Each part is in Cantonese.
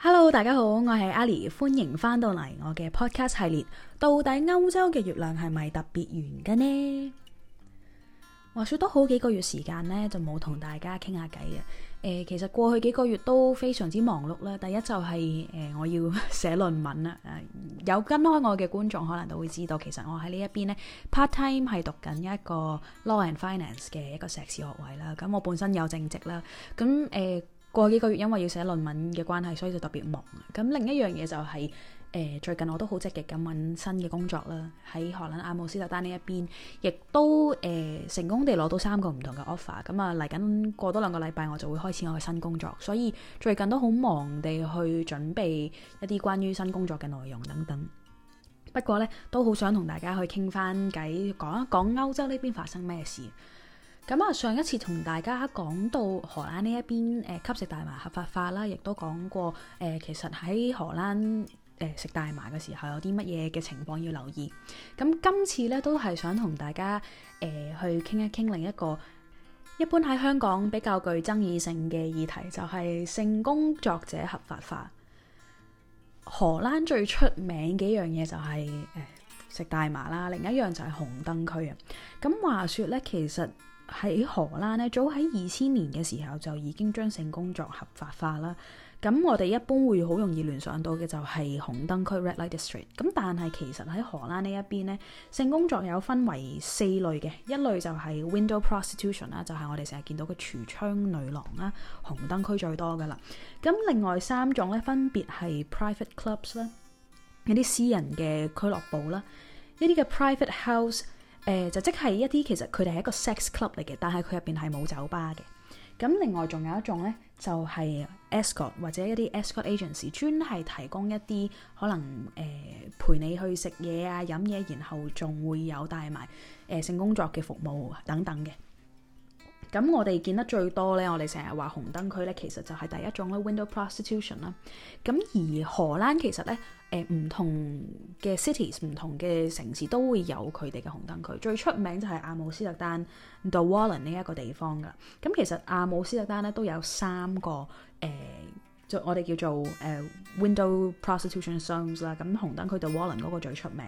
Hello，大家好，我係 Ali，歡迎翻到嚟我嘅 podcast 系列。到底歐洲嘅月亮係咪特別圓嘅呢？話說都好幾個月時間呢，就冇同大家傾下偈啊。誒、呃，其實過去幾個月都非常之忙碌啦。第一就係、是、誒、呃，我要寫論文啦。呃、有跟開我嘅觀眾可能都會知道，其實我喺呢一邊呢 part time 係讀緊一個 law and finance 嘅一個碩士學位啦。咁、呃、我本身有正職啦，咁、呃、誒。過幾個月因為要寫論文嘅關係，所以就特別忙。咁另一樣嘢就係、是、誒、呃，最近我都好積極咁揾新嘅工作啦。喺荷蘭阿姆斯特丹呢一邊，亦都誒、呃、成功地攞到三個唔同嘅 offer、啊。咁啊嚟緊過多兩個禮拜，我就會開始我嘅新工作。所以最近都好忙地去準備一啲關於新工作嘅內容等等。不過呢，都好想同大家去傾翻偈，講一講歐洲呢邊發生咩事。咁啊，上一次同大家講到荷蘭呢一邊，誒吸食大麻合法化啦，亦都講過誒、呃，其實喺荷蘭誒、呃、食大麻嘅時候有啲乜嘢嘅情況要留意。咁今次呢，都係想同大家誒、呃、去傾一傾另一個一般喺香港比較具爭議性嘅議題，就係、是、性工作者合法化。荷蘭最出名嘅一樣嘢就係、是、誒、呃、食大麻啦，另一樣就係紅燈區啊。咁話說呢，其實～喺荷蘭咧，早喺二千年嘅時候就已經將性工作合法化啦。咁我哋一般會好容易聯想到嘅就係紅燈區 （red light district）。咁但係其實喺荷蘭呢一邊咧，性工作有分為四類嘅，一類就係 window prostitution 啦，就係我哋成日見到嘅櫥窗女郎啦，紅燈區最多噶啦。咁另外三種咧分別係 private clubs 啦，一啲私人嘅俱樂部啦，一啲嘅 private house。誒就即係一啲其實佢哋係一個 sex club 嚟嘅，但係佢入邊係冇酒吧嘅。咁另外仲有一種呢，就係 escort 或者一啲 escort agency，專係提供一啲可能誒陪你去食嘢啊、飲嘢，然後仲會有帶埋誒性工作嘅服務等等嘅。咁我哋見得最多咧，我哋成日話紅燈區咧，其實就係第一種咧，window prostitution 啦。咁而荷蘭其實咧，誒、呃、唔同嘅 cities、唔同嘅城市都會有佢哋嘅紅燈區。最出名就係阿姆斯特丹 The Wallen 呢一個地方㗎。咁其實阿姆斯特丹咧都有三個誒、呃，就我哋叫做誒、呃、window prostitution zones 啦。咁紅燈區 The Wallen 嗰個最出名。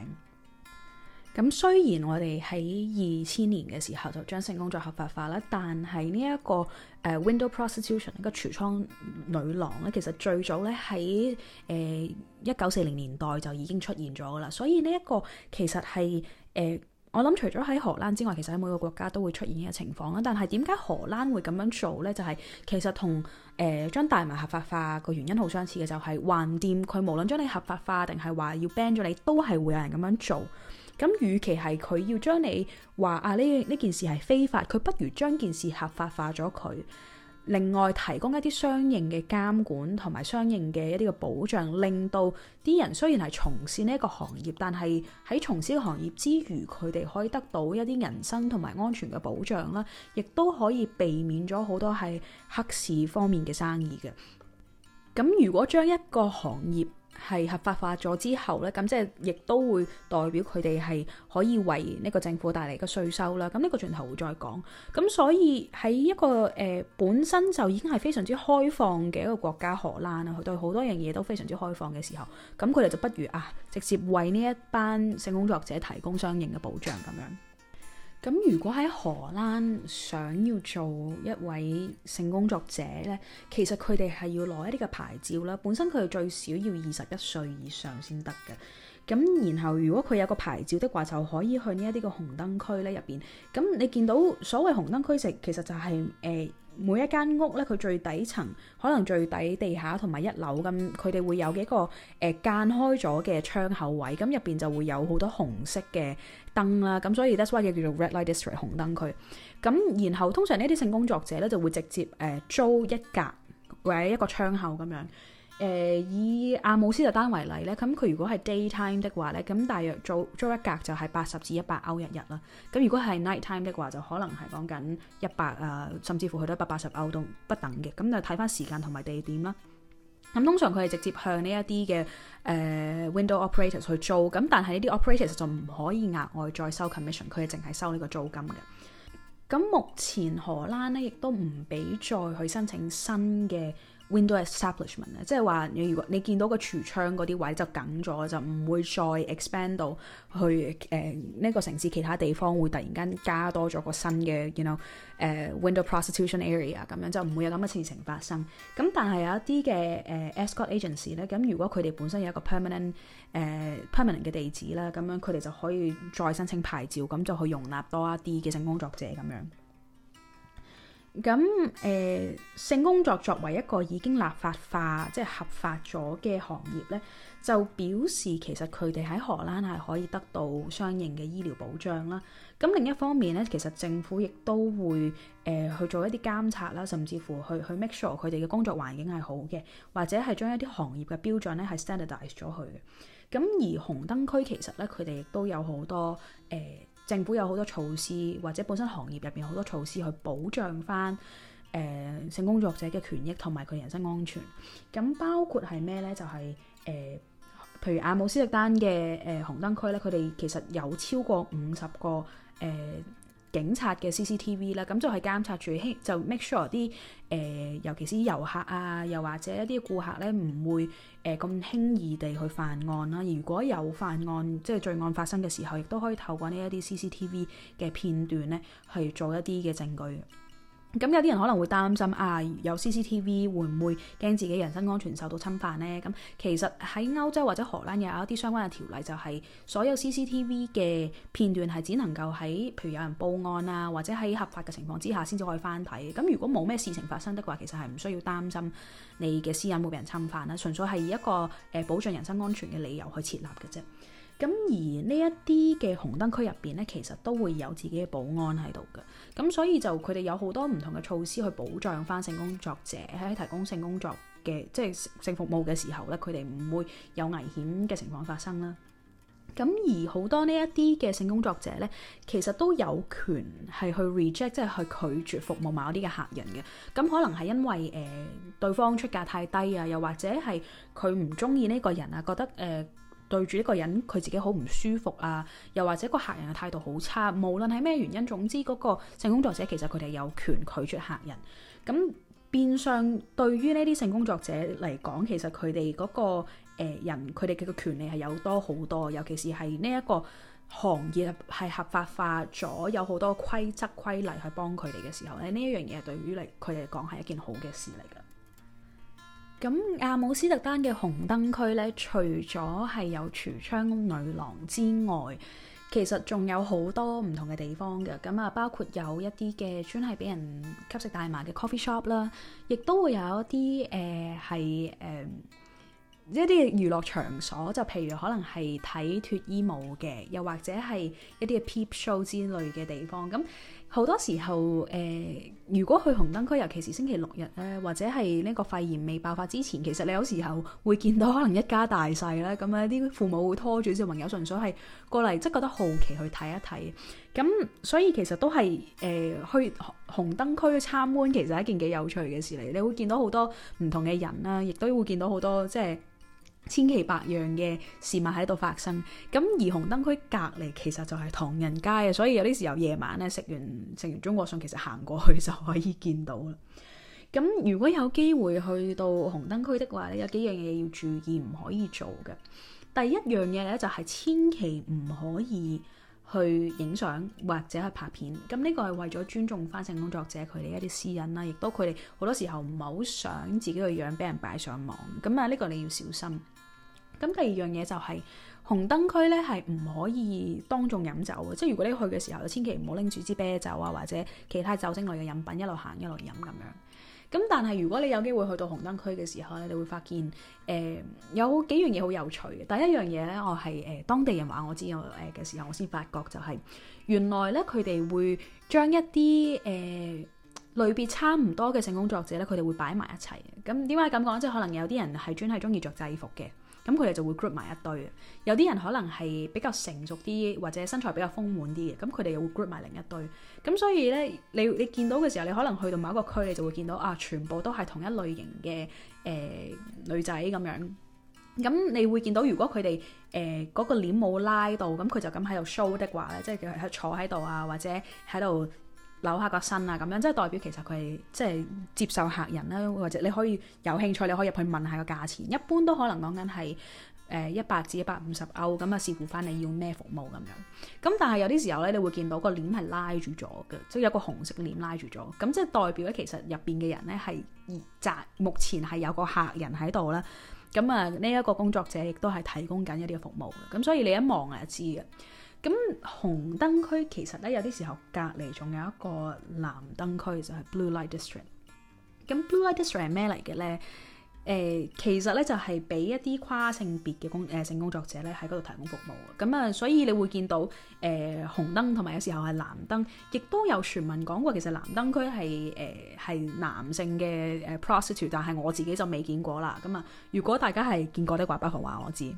咁雖然我哋喺二千年嘅時候就將性工作合法化啦，但係呢、這個呃、一個誒 window prostitution 呢個櫥窗女郎咧，其實最早咧喺誒一九四零年代就已經出現咗噶啦。所以呢一個其實係誒、呃、我諗除咗喺荷蘭之外，其實喺每個國家都會出現嘅情況啦。但係點解荷蘭會咁樣做咧？就係、是、其實同誒、呃、將大麻合法化個原因好相似嘅，就係橫掂佢無論將你合法化定係話要 ban 咗你，都係會有人咁樣做。咁，與其係佢要將你話啊呢呢件事係非法，佢不如將件事合法化咗佢。另外，提供一啲相應嘅監管同埋相應嘅一啲嘅保障，令到啲人雖然係從事呢一個行業，但係喺從事個行業之餘，佢哋可以得到一啲人身同埋安全嘅保障啦，亦都可以避免咗好多係黑市方面嘅生意嘅。咁如果將一個行業，係合法化咗之後呢，咁即係亦都會代表佢哋係可以為呢個政府帶嚟嘅稅收啦。咁呢個轉頭會會再講。咁所以喺一個誒、呃、本身就已經係非常之開放嘅一個國家荷蘭啊，佢對好多樣嘢都非常之開放嘅時候，咁佢哋就不如啊直接為呢一班性工作者提供相應嘅保障咁樣。咁如果喺荷蘭想要做一位性工作者咧，其實佢哋係要攞一啲嘅牌照啦。本身佢哋最少要二十一歲以上先得嘅。咁然後如果佢有個牌照的話，就可以去呢一啲嘅紅燈區咧入邊。咁你見到所謂紅燈區食，其實就係、是、誒。呃每一間屋咧，佢最底層可能最底地下同埋一樓咁，佢哋會有幾個誒、呃、間開咗嘅窗口位，咁入邊就會有好多紅色嘅燈啦，咁所以 that's why 嘅叫做 Red Light District 紅燈區。咁然後通常呢啲性工作者咧就會直接誒、呃、租一格或者一個窗口咁樣。誒、uh, 以阿姆斯特丹為例咧，咁佢如果係 daytime 的話咧，咁大約租租一格就係八十至一百歐一日啦。咁如果係 nighttime 的話，就可能係講緊一百啊，甚至乎去到一百八十歐都不等嘅。咁就睇返時間同埋地點啦。咁通常佢係直接向呢一啲嘅誒 window operators 去租，咁但係呢啲 operators 就唔可以額外再收 commission，佢係淨係收呢個租金嘅。咁目前荷蘭呢，亦都唔俾再去申請新嘅。Window establishment 咧，即係話你如果你見到個櫥窗嗰啲位就梗咗，就唔會再 expand 到去誒呢、呃呢個城市其他地方會突然間加多咗個新嘅，you know 誒、呃、window prostitution area 咁樣就唔會有咁嘅事情發生。咁但係有一啲嘅誒、呃、escort agency 咧，咁如果佢哋本身有一個 permanent 誒、呃、permanent 嘅地址啦，咁樣佢哋就可以再申請牌照，咁就去容納多一啲嘅性工作者咁樣。咁誒、呃，性工作作為一個已經立法化即係合法咗嘅行業咧，就表示其實佢哋喺荷蘭係可以得到相應嘅醫療保障啦。咁另一方面咧，其實政府亦都會誒、呃、去做一啲監察啦，甚至乎去去 make sure 佢哋嘅工作環境係好嘅，或者係將一啲行業嘅標準咧係 standardize 咗佢嘅。咁而紅燈區其實咧，佢哋亦都有好多誒、呃政府有好多措施，或者本身行業入邊有好多措施去保障翻誒、呃、性工作者嘅權益同埋佢人身安全。咁包括係咩呢？就係、是、誒、呃，譬如阿姆斯特丹嘅誒、呃、紅燈區咧，佢哋其實有超過五十個。誒、呃。警察嘅 CCTV 啦，咁就係監察住，輕就 make sure 啲、呃、誒，尤其是啲遊客啊，又或者一啲顧客咧，唔會誒咁輕易地去犯案啦。如果有犯案，即係罪案發生嘅時候，亦都可以透過呢一啲 CCTV 嘅片段咧，去做一啲嘅證據。咁有啲人可能會擔心啊，有 CCTV 會唔會驚自己人身安全受到侵犯呢？咁其實喺歐洲或者荷蘭有一啲相關嘅條例，就是，就係所有 CCTV 嘅片段係只能夠喺譬如有人報案啊，或者喺合法嘅情況之下先至可以翻睇。咁如果冇咩事情發生的話，其實係唔需要擔心你嘅私隱會被人侵犯啦，純粹係以一個誒保障人身安全嘅理由去設立嘅啫。咁而呢一啲嘅紅燈區入邊咧，其實都會有自己嘅保安喺度嘅，咁所以就佢哋有好多唔同嘅措施去保障翻性工作者喺提供性工作嘅，即係性服務嘅時候咧，佢哋唔會有危險嘅情況發生啦。咁而好多呢一啲嘅性工作者咧，其實都有權係去 reject，即係去拒絕服務某啲嘅客人嘅。咁可能係因為誒、呃、對方出價太低啊，又或者係佢唔中意呢個人啊，覺得誒，呃對住一個人，佢自己好唔舒服啊，又或者個客人嘅態度好差，無論係咩原因，總之嗰個性工作者其實佢哋有權拒絕客人。咁變相對於呢啲性工作者嚟講，其實佢哋嗰個、呃、人，佢哋嘅權利係有多好多。尤其是係呢一個行業係合法化咗，有好多規則規例去幫佢哋嘅時候咧，呢一樣嘢對於嚟佢哋嚟講係一件好嘅事嚟。咁阿姆斯特丹嘅紅燈區咧，除咗係有櫥窗女郎之外，其實仲有好多唔同嘅地方嘅。咁啊，包括有一啲嘅專係俾人吸食大麻嘅 coffee shop 啦，亦都會有一啲誒係誒一啲娛樂場所，就譬如可能係睇脱衣舞嘅，又或者係一啲嘅 peep show 之類嘅地方咁。好多時候，誒、呃，如果去紅燈區，尤其是星期六日咧，或者係呢個肺炎未爆發之前，其實你有時候會見到可能一家大細咧，咁樣啲父母會拖住小朋友，純粹係過嚟，即係覺得好奇去睇一睇。咁所以其實都係誒、呃、去紅燈區參觀，其實係一件幾有趣嘅事嚟。你會見到好多唔同嘅人啦，亦都會見到好多即係，千奇百樣嘅事物喺度發生，咁而紅燈區隔離其實就係唐人街啊，所以有啲時候夜晚咧，食完食完中國餸，其實行過去就可以見到啦。咁如果有機會去到紅燈區的話咧，有幾樣嘢要注意唔可以做嘅。第一樣嘢咧就係千祈唔可以去影相或者去拍片。咁呢個係為咗尊重翻性工作者佢哋一啲私隱啦，亦都佢哋好多時候唔好想自己嘅樣俾人擺上網。咁啊，呢個你要小心。咁第二樣嘢就係、是、紅燈區咧，係唔可以當眾飲酒嘅。即係如果你去嘅時候，千祈唔好拎住支啤酒啊，或者其他酒精類嘅飲品，一路行一路飲咁樣。咁但係如果你有機會去到紅燈區嘅時候咧，你會發現誒、呃、有幾樣嘢好有趣嘅。第一樣嘢咧，我係誒、呃、當地人話我知我誒嘅時候，我先發覺就係、是、原來咧佢哋會將一啲誒、呃、類別差唔多嘅性工作者咧，佢哋會擺埋一齊。咁點解咁講？即係可能有啲人係專係中意著制服嘅。咁佢哋就會 group 埋一堆，有啲人可能係比較成熟啲，或者身材比較豐滿啲嘅，咁佢哋又會 group 埋另一堆。咁所以咧，你你見到嘅時候，你可能去到某一個區，你就會見到啊，全部都係同一類型嘅誒、呃、女仔咁樣。咁你會見到，如果佢哋誒嗰個簾冇拉到，咁佢就咁喺度 show 的話咧，即係佢坐喺度啊，或者喺度，扭下個身啊，咁樣即係代表其實佢係即係接受客人啦，或者你可以有興趣你可以入去問下個價錢，一般都可能講緊係誒一百至一百五十歐咁啊，視乎翻你要咩服務咁樣。咁但係有啲時候咧，你會見到個簾係拉住咗嘅，即係有個紅色簾拉住咗，咁即係代表咧其實入邊嘅人咧係而暫目前係有個客人喺度啦，咁啊呢一個工作者亦都係提供緊一啲服務嘅，咁所以你一望啊知嘅。咁紅燈區其實咧有啲時候隔離仲有一個藍燈區，就係、是、blue light district。咁 blue light district 係咩嚟嘅咧？誒、呃，其實咧就係、是、俾一啲跨性別嘅工誒、呃、性工作者咧喺嗰度提供服務。咁啊，所以你會見到誒、呃、紅燈同埋有時候係藍燈，亦都有傳聞講過其實藍燈區係誒係男性嘅誒 prostitute，但係我自己就未見過啦。咁啊，如果大家係見過嘅話不妨話我知。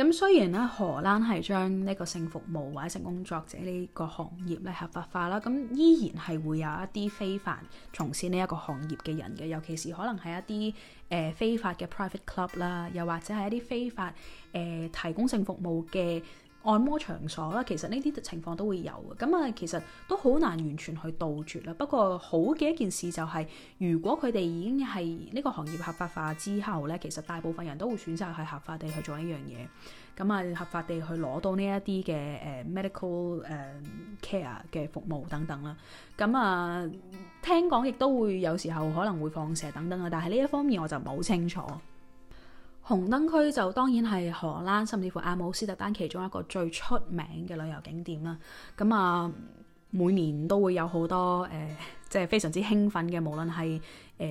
咁雖然咧，荷蘭係將呢個性服務或者性工作者呢個行業咧合法化啦，咁依然係會有一啲非法從事呢一個行業嘅人嘅，尤其是可能係一啲誒、呃、非法嘅 private club 啦，又或者係一啲非法誒、呃、提供性服務嘅按摩場所啦，其實呢啲情況都會有嘅，咁啊其實都好難完全去杜絕啦。不過好嘅一件事就係、是，如果佢哋已經係呢個行業合法化之後呢，其實大部分人都會選擇去合法地去做一樣嘢，咁啊合法地去攞到呢一啲嘅誒 medical care 嘅服務等等啦。咁啊聽講亦都會有時候可能會放蛇等等啊，但係呢一方面我就唔係好清楚。紅燈區就當然係荷蘭，甚至乎阿姆斯特丹其中一個最出名嘅旅遊景點啦。咁啊，每年都會有好多誒、呃，即係非常之興奮嘅，無論係誒、呃、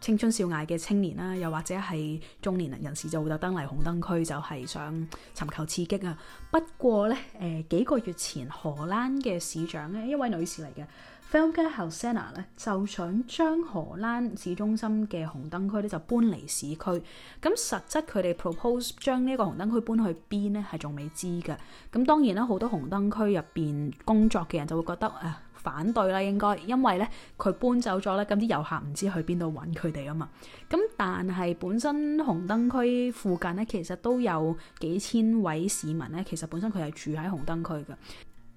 青春少艾嘅青年啦，又或者係中年人士就會特登嚟紅燈區，就係想尋求刺激啊。不過呢，誒、呃、幾個月前荷蘭嘅市長呢，一位女士嚟嘅。Femke Halsema 咧就想將荷蘭市中心嘅紅燈區咧就搬離市區，咁、嗯、實質佢哋 propose 將呢一個紅燈區搬去邊咧係仲未知嘅。咁、嗯、當然啦，好多紅燈區入邊工作嘅人就會覺得誒、呃、反對啦，應該，因為咧佢搬走咗咧，咁啲遊客唔知去邊度揾佢哋啊嘛。咁、嗯、但係本身紅燈區附近咧其實都有幾千位市民咧，其實本身佢係住喺紅燈區㗎。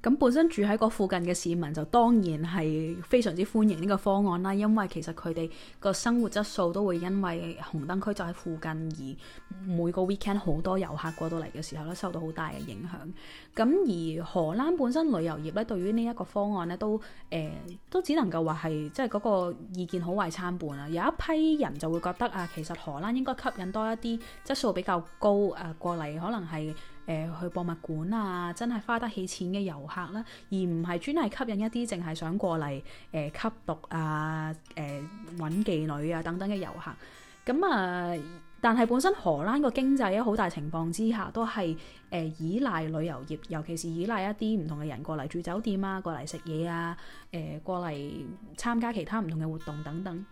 咁本身住喺個附近嘅市民就當然係非常之歡迎呢個方案啦，因為其實佢哋個生活質素都會因為紅燈區就喺附近而每個 weekend 好多遊客過到嚟嘅時候咧，受到好大嘅影響。咁而荷蘭本身旅遊業咧，對於呢一個方案咧，都誒、呃、都只能夠話係即係嗰個意見好壞參半啊！有一批人就會覺得啊，其實荷蘭應該吸引多一啲質素比較高啊過嚟，可能係誒、呃、去博物館啊，真係花得起錢嘅遊客啦，而唔係專係吸引一啲淨係想過嚟誒、呃、吸毒啊、誒、呃、揾妓女啊等等嘅遊客。咁、嗯、啊～、呃但係本身荷蘭個經濟喺好大情況之下都，都係誒依賴旅遊業，尤其是依賴一啲唔同嘅人過嚟住酒店啊，過嚟食嘢啊，誒、呃、過嚟參加其他唔同嘅活動等等。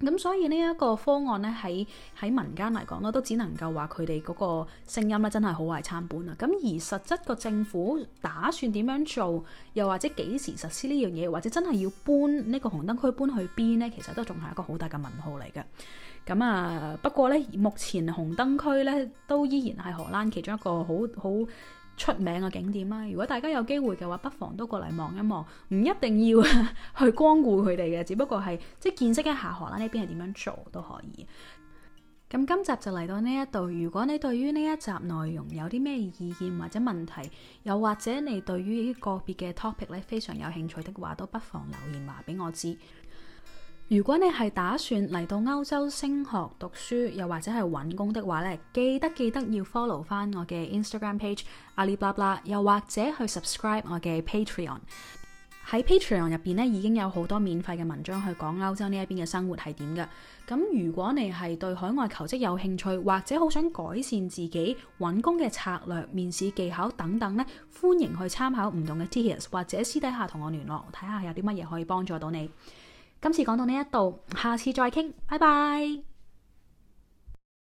咁所以呢一個方案咧喺喺民間嚟講咧，都只能夠話佢哋嗰個聲音咧真係好壞參半啊！咁而實質個政府打算點樣做，又或者幾時實施呢樣嘢，或者真係要搬呢個紅燈區搬去邊呢，其實都仲係一個好大嘅問號嚟嘅。咁啊，不過呢，目前紅燈區呢，都依然係荷蘭其中一個好好出名嘅景點啦，如果大家有機會嘅話，不妨都過嚟望一望，唔一定要 去光顧佢哋嘅，只不過係即係見識一下荷蘭，呢邊係點樣做都可以。咁今集就嚟到呢一度，如果你對於呢一集內容有啲咩意見或者問題，又或者你對於個別嘅 topic 呢非常有興趣的話，都不妨留言話俾我知。如果你係打算嚟到歐洲升學讀書，又或者係搵工的話咧，記得記得要 follow 翻我嘅 Instagram page 阿里巴啦，又或者去 subscribe 我嘅 Patreon。喺 Patreon 入邊咧，已經有好多免費嘅文章去講歐洲呢一邊嘅生活係點嘅。咁如果你係對海外求職有興趣，或者好想改善自己搵工嘅策略、面試技巧等等咧，歡迎去參考唔同嘅 tiers，或者私底下同我聯絡，睇下有啲乜嘢可以幫助到你。今次講到呢度，下次再傾，拜拜。